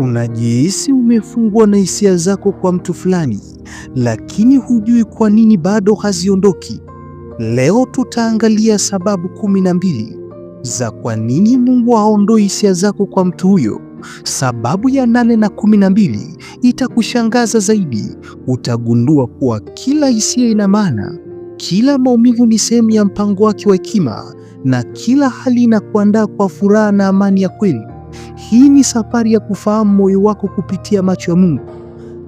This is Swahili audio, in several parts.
Unajihisi umefungwa na hisia zako kwa mtu fulani, lakini hujui kwa nini bado haziondoki. Leo tutaangalia sababu kumi na mbili za kwa nini Mungu haondoi hisia zako kwa mtu huyo. Sababu ya nane na kumi na mbili itakushangaza zaidi. Utagundua kuwa kila hisia ina maana, kila maumivu ni sehemu ya mpango wake wa hekima, na kila hali inakuandaa kwa furaha na amani ya kweli. Hii ni safari ya kufahamu moyo wako kupitia macho ya Mungu.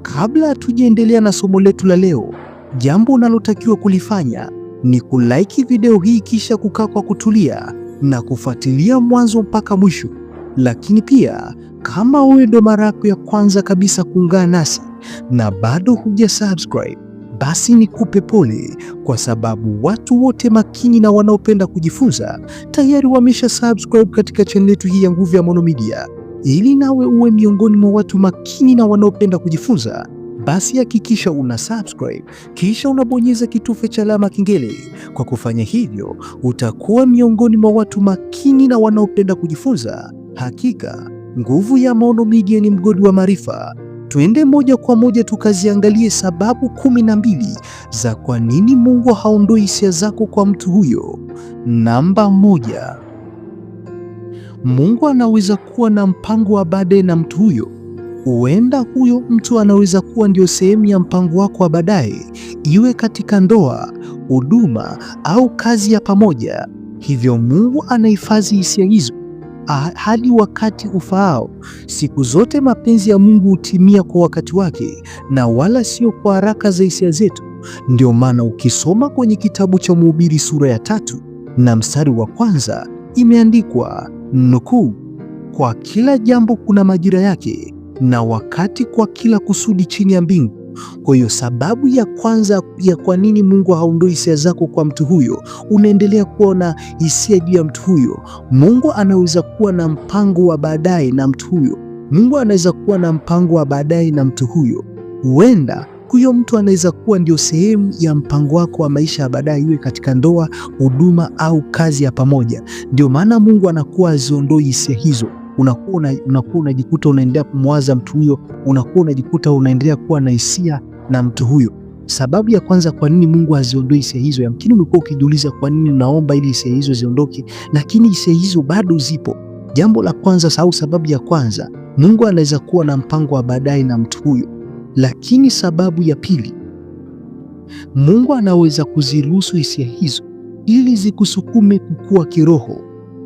Kabla tujaendelea na somo letu la leo, jambo unalotakiwa kulifanya ni kulaiki video hii kisha kukaa kwa kutulia na kufuatilia mwanzo mpaka mwisho. Lakini pia kama wewe ndo mara yako ya kwanza kabisa kuungana nasi na bado hujasubscribe basi nikupe pole, kwa sababu watu wote makini na wanaopenda kujifunza tayari wamesha subscribe katika channel yetu hii ya Nguvu ya Maono Media. Ili nawe uwe miongoni mwa watu makini na wanaopenda kujifunza, basi hakikisha una subscribe kisha unabonyeza kitufe cha alama kengele. Kwa kufanya hivyo, utakuwa miongoni mwa watu makini na wanaopenda kujifunza. Hakika Nguvu ya Maono Media ni mgodi wa maarifa. Tuende moja kwa moja tukaziangalie sababu kumi na mbili za kwa nini Mungu haondoi hisia zako kwa mtu huyo. Namba moja, Mungu anaweza kuwa na mpango wa baadaye na mtu huyo. Huenda huyo mtu anaweza kuwa ndio sehemu ya mpango wako wa baadaye, iwe katika ndoa, huduma au kazi ya pamoja. Hivyo Mungu anahifadhi hisia hizo hadi wakati ufaao. Siku zote mapenzi ya Mungu hutimia kwa wakati wake, na wala sio kwa haraka za hisia zetu. Ndio maana ukisoma kwenye kitabu cha Mhubiri sura ya tatu na mstari wa kwanza imeandikwa nukuu, kwa kila jambo kuna majira yake na wakati kwa kila kusudi chini ya mbingu, kwa hiyo sababu ya kwanza ya kwa nini Mungu haondoi hisia zako kwa mtu huyo, unaendelea kuona hisia juu ya mtu huyo. Mungu anaweza kuwa na mpango wa baadaye na mtu huyo. Mungu anaweza kuwa na mpango wa baadaye na mtu huyo. Huenda huyo mtu anaweza kuwa ndio sehemu ya mpango wako wa maisha ya baadaye, iwe katika ndoa, huduma au kazi ya pamoja. Ndio maana Mungu anakuwa aziondoi hisia hizo unakuwa unakuwa unajikuta unaendelea kumwaza mtu huyo, unakuwa unajikuta unaendelea kuwa na hisia na mtu huyo. Sababu ya kwanza kwa nini Mungu aziondoe hisia hizo, yamkini ulikuwa ukijiuliza kwa nini naomba ili hisia hizo ziondoke, lakini hisia hizo bado zipo. Jambo la kwanza au sababu ya kwanza, Mungu anaweza kuwa na mpango wa baadaye na mtu huyo. Lakini sababu ya pili, Mungu anaweza kuziruhusu hisia hizo ili zikusukume kukua kiroho.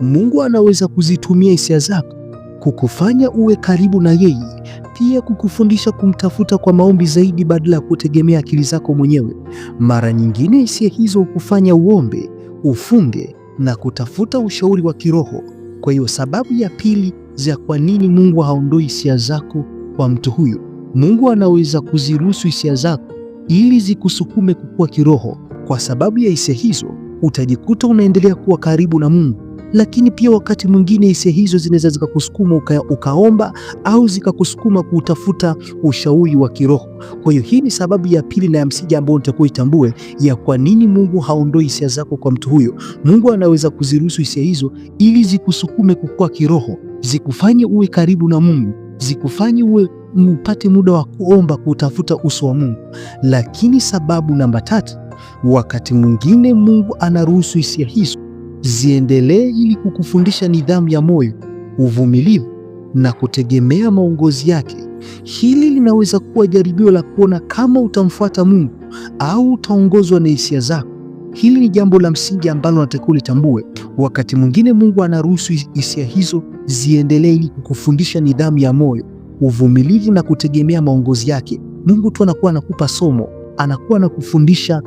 Mungu anaweza kuzitumia hisia zako kukufanya uwe karibu na yeye, pia kukufundisha kumtafuta kwa maombi zaidi badala ya kutegemea akili zako mwenyewe. Mara nyingine hisia hizo hukufanya uombe, ufunge na kutafuta ushauri wa kiroho. Kwa hiyo sababu ya pili za kwa nini Mungu haondoi hisia zako kwa mtu huyo, Mungu anaweza kuziruhusu hisia zako ili zikusukume kukua kiroho. Kwa sababu ya hisia hizo utajikuta unaendelea kuwa karibu na Mungu lakini pia wakati mwingine hisia hizo zinaweza zikakusukuma uka, ukaomba au zikakusukuma kutafuta ushauri wa kiroho. Kwa hiyo hii ni sababu ya pili na ya msingi ambayo nitakuwa itambue ya kwa nini Mungu haondoi hisia zako kwa mtu huyo. Mungu anaweza kuziruhusu hisia hizo ili zikusukume kukua kiroho, zikufanye uwe karibu na Mungu, zikufanye uwe upate muda wa kuomba, kutafuta uso wa Mungu. Lakini sababu namba tatu, wakati mwingine Mungu anaruhusu hisia hizo ziendelee ili kukufundisha nidhamu ya moyo, uvumilivu na kutegemea maongozi yake. Hili linaweza kuwa jaribio la kuona kama utamfuata Mungu au utaongozwa na hisia zako. Hili ni jambo la msingi ambalo unatakiwa ulitambue. Wakati mwingine Mungu anaruhusu hisia hizo ziendelee ili kukufundisha nidhamu ya moyo, uvumilivu na kutegemea maongozi yake. Mungu tu anakuwa anakupa somo, anakuwa anakufundisha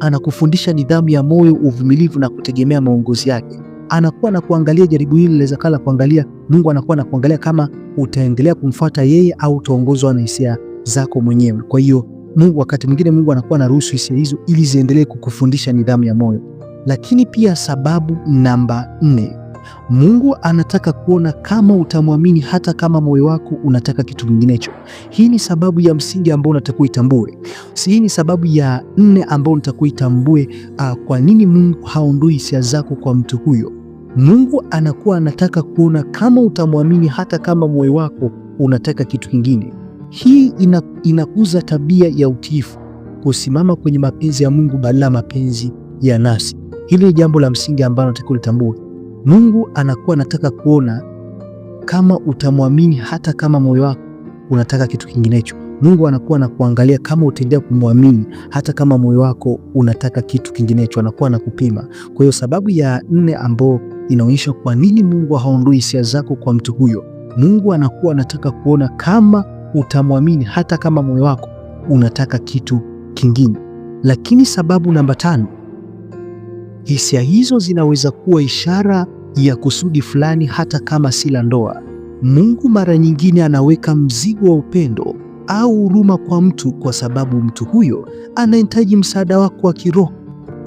anakufundisha nidhamu ya moyo, uvumilivu na kutegemea maongozi yake. Anakuwa na kuangalia jaribu hili linawezekana kuangalia, Mungu anakuwa na kuangalia kama utaendelea kumfuata yeye au utaongozwa na hisia zako mwenyewe. Kwa hiyo Mungu, wakati mwingine Mungu anakuwa ruhusu hisia hizo ili ziendelee kukufundisha nidhamu ya moyo. Lakini pia sababu namba nne Mungu anataka kuona kama utamwamini hata kama moyo wako unataka kitu kinginecho. Hii ni sababu ya msingi ambao unatakiwa itambue. Hii ni sababu ya nne ambao unatakiwa itambue, uh, ah, kwa nini Mungu haondoi hisia zako kwa mtu huyo. Mungu anakuwa anataka kuona kama utamwamini hata kama moyo wako unataka kitu kingine. Hii inakuza tabia ya utiifu, kusimama kwenye mapenzi ya Mungu badala ya mapenzi ya nafsi. Hili ni jambo la msingi ambalo natakiwa litambue. Mungu anakuwa anataka kuona kama utamwamini hata kama moyo wako unataka kitu kinginecho. Mungu anakuwa anakuangalia kama utaendelea kumwamini hata kama moyo wako unataka kitu kinginecho, anakuwa anakupima. Kwa hiyo sababu ya nne ambayo inaonyesha kwa nini Mungu haondoi hisia zako kwa mtu huyo, Mungu anakuwa anataka kuona kama utamwamini hata kama moyo wako unataka kitu kingine. Lakini sababu namba tano, hisia hizo zinaweza kuwa ishara ya kusudi fulani, hata kama si la ndoa. Mungu mara nyingine anaweka mzigo wa upendo au huruma kwa mtu kwa sababu mtu huyo anahitaji msaada wako wa kiroho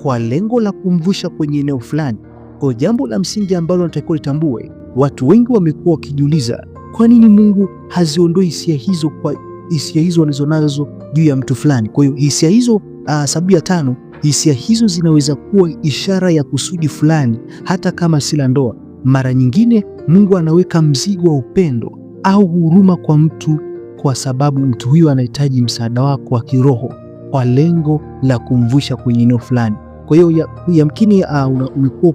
kwa lengo la kumvusha kwenye eneo fulani. Kwa jambo la msingi ambalo natakiwa litambue, watu wengi wamekuwa wakijiuliza kwa nini Mungu haziondoi hisia hizo kwa hisia hizo walizonazo juu ya mtu fulani. Kwa hiyo hisia hizo, uh, ah, sababu ya tano Hisia hizo zinaweza kuwa ishara ya kusudi fulani, hata kama si la ndoa. Mara nyingine Mungu anaweka mzigo wa upendo au huruma kwa mtu kwa sababu mtu huyo anahitaji msaada wako wa kiroho kwa lengo la kumvusha kwenye eneo fulani. Kwa hiyo yamkini ya, ah, uh, ulikuwa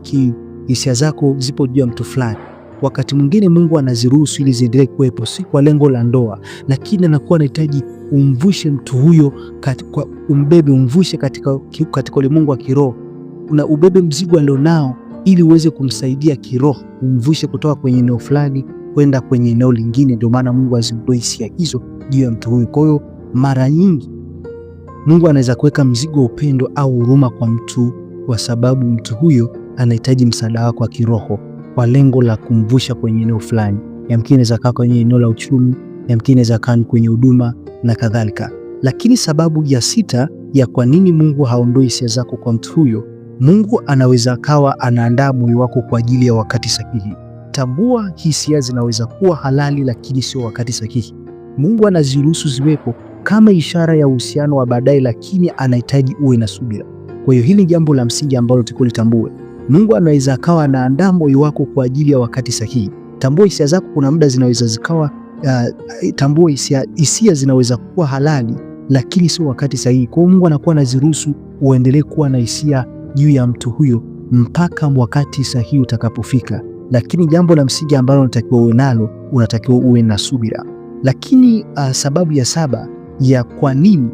hisia zako zipo juu ya mtu fulani. Wakati mwingine Mungu anaziruhusu ili ziendelee kuwepo, si kwa lengo la ndoa, lakini anakuwa anahitaji umvushe mtu huyo katika, umbebe umvushe katika, katika ulimwengu wa kiroho una ubebe mzigo alionao ili uweze kumsaidia kiroho, umvushe kutoka kwenye eneo fulani kwenda kwenye eneo lingine. Ndio maana Mungu azibue hisia hizo juu ya mtu huyo Kwa hiyo mara nyingi Mungu anaweza kuweka mzigo wa upendo au huruma kwa mtu, kwa sababu mtu huyo anahitaji msaada wako wa kiroho kwa lengo la kumvusha kwenye eneo fulani, yamkini inaweza kaa kwenye eneo la uchumi, yamkini inaweza kaa kwenye huduma na kadhalika. Lakini sababu ya sita ya kwa nini Mungu haondoi hisia zako kwa mtu huyo, Mungu anaweza akawa anaandaa moyo wako kwa ajili ya wakati sahihi. Tambua, hisia zinaweza kuwa halali, lakini sio wakati sahihi. Mungu anaziruhusu ziwepo kama ishara ya uhusiano wa baadaye, lakini anahitaji uwe na subira. Kwa hiyo hili ni jambo la msingi ambalo tukulitambue. Mungu anaweza akawa anaandaa moyo wako kwa ajili ya wakati sahihi. Tambua hisia zako, kuna muda zinaweza zikawa uh, tambua hisia zinaweza kuwa halali, lakini sio wakati sahihi. Kwa hiyo Mungu anakuwa anaziruhusu uendelee kuwa na hisia juu ya mtu huyo mpaka wakati sahihi utakapofika. Lakini jambo la msingi ambalo unatakiwa uwe nalo, unatakiwa uwe na subira. Lakini uh, sababu ya saba ya kwa nini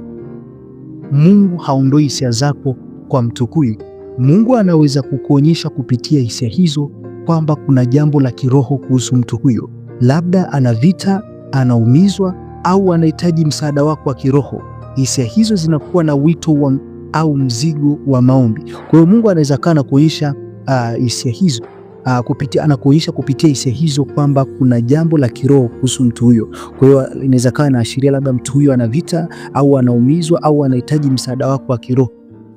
Mungu haondoi hisia zako kwa mtu huyu Mungu anaweza kukuonyesha kupitia hisia hizo kwamba kuna jambo la kiroho kuhusu mtu huyo. Labda ana vita, anaumizwa au anahitaji msaada wako wa kiroho. Hisia hizo zinakuwa na wito wa, au mzigo wa maombi. Kwa hiyo Mungu anaweza kaa na kuonyesha ah, hisia uh, hizo uh, kupitia anakuonyesha kupitia hisia hizo kwamba kuna jambo la kiroho kuhusu mtu huyo. Kwa hiyo inaweza kaa ashiria labda mtu huyo ana vita au anaumizwa au anahitaji msaada wako wa kiroho.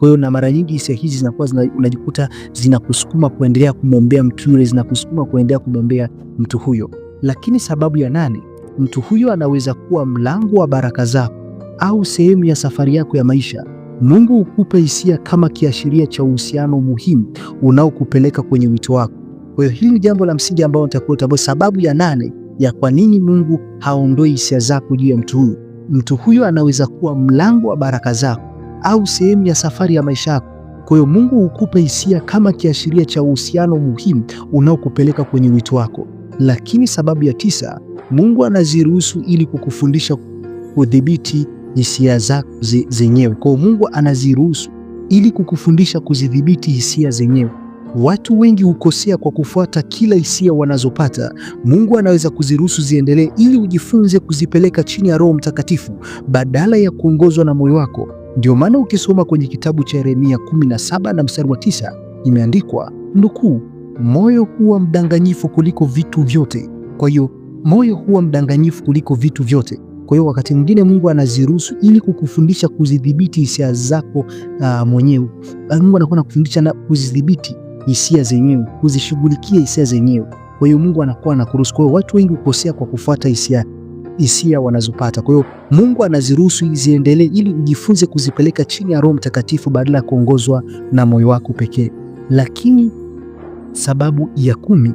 Kwa hiyo na mara nyingi hisia hizi zinakuwa zina, unajikuta zinakusukuma kuendelea kumwombea mtu yule, zinakusukuma kuendelea kumwombea mtu huyo. Lakini sababu ya nane, mtu huyo anaweza kuwa mlango wa baraka zako au sehemu ya safari yako ya maisha. Mungu hukupa hisia kama kiashiria cha uhusiano muhimu unaokupeleka kwenye wito wako. Kwa hiyo hili ni jambo la msingi ambalo nitakuwa sababu ya nane ya kwa nini Mungu haondoi hisia zako juu ya mtu huyo. Mtu huyo anaweza kuwa mlango wa baraka zako au sehemu ya safari ya maisha yako. Kwa hiyo Mungu hukupa hisia kama kiashiria cha uhusiano muhimu unaokupeleka kwenye wito wako. Lakini sababu ya tisa, Mungu anaziruhusu ili kukufundisha kudhibiti hisia zako zenyewe. Kwa hiyo Mungu anaziruhusu ili kukufundisha kuzidhibiti hisia zenyewe. Watu wengi hukosea kwa kufuata kila hisia wanazopata. Mungu anaweza kuziruhusu ziendelee ili ujifunze kuzipeleka chini ya Roho Mtakatifu badala ya kuongozwa na moyo wako. Ndio maana ukisoma kwenye kitabu cha Yeremia 17 na mstari wa 9 imeandikwa nukuu, moyo huwa mdanganyifu kuliko vitu vyote. Kwa hiyo moyo huwa mdanganyifu kuliko vitu vyote. Kwa hiyo wakati mwingine Mungu anaziruhusu ili kukufundisha kuzidhibiti hisia zako uh, mwenyewe. Ah, Mungu anakuwa anakufundisha na kuzidhibiti hisia zenyewe, kuzishughulikia hisia zenyewe. Kwa hiyo Mungu anakuwa anakuruhusu. Kwa hiyo watu wengi hukosea kwa kufuata hisia hisia wanazopata. Kwa hiyo Mungu anaziruhusu ziendelee ili ujifunze kuzipeleka chini ya Roho Mtakatifu badala ya kuongozwa na moyo wako pekee. Lakini sababu ya kumi,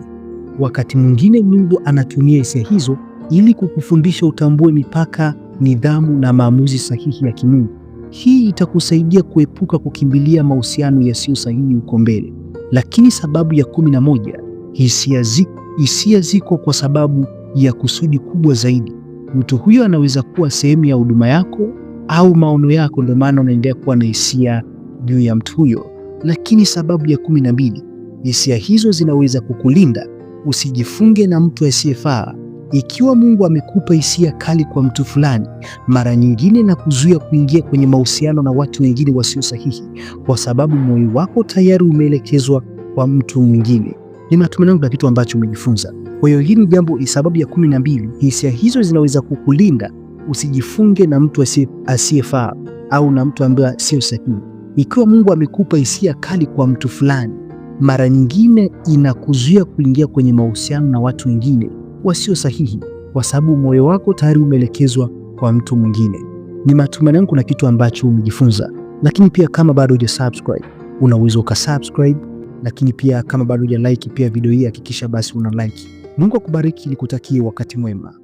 wakati mwingine Mungu anatumia hisia hizo ili kukufundisha utambue mipaka, nidhamu na maamuzi sahihi ya kimungu. Hii itakusaidia kuepuka kukimbilia mahusiano yasiyo sahihi huko mbele. Lakini sababu ya kumi na moja, hisia ziko, hisia ziko kwa sababu ya kusudi kubwa zaidi mtu huyo anaweza kuwa sehemu ya huduma yako au maono yako, ndio maana unaendelea kuwa na hisia juu ya mtu huyo. Lakini sababu ya kumi na mbili, hisia hizo zinaweza kukulinda usijifunge na mtu asiyefaa. Ikiwa Mungu amekupa hisia kali kwa mtu fulani, mara nyingine na kuzuia kuingia kwenye mahusiano na watu wengine wasio sahihi, kwa sababu moyo wako tayari umeelekezwa kwa mtu mwingine. Ni matumaini yangu na kitu ambacho umejifunza kwa hiyo hii ni jambo, sababu ya kumi na mbili, hisia hizo zinaweza kukulinda usijifunge na mtu asiyefaa au na mtu ambaye sio sahihi. Ikiwa Mungu amekupa hisia kali kwa mtu fulani, mara nyingine inakuzuia kuingia kwenye mahusiano na watu wengine wasio sahihi, kwa sababu moyo wako tayari umeelekezwa kwa mtu mwingine. Ni matumaini yangu kuna kitu ambacho umejifunza, lakini pia kama bado huja subscribe, una uwezo uka lakini pia kama bado huja like pia video hii, hakikisha basi una like Mungu akubariki, nikutakie wakati mwema.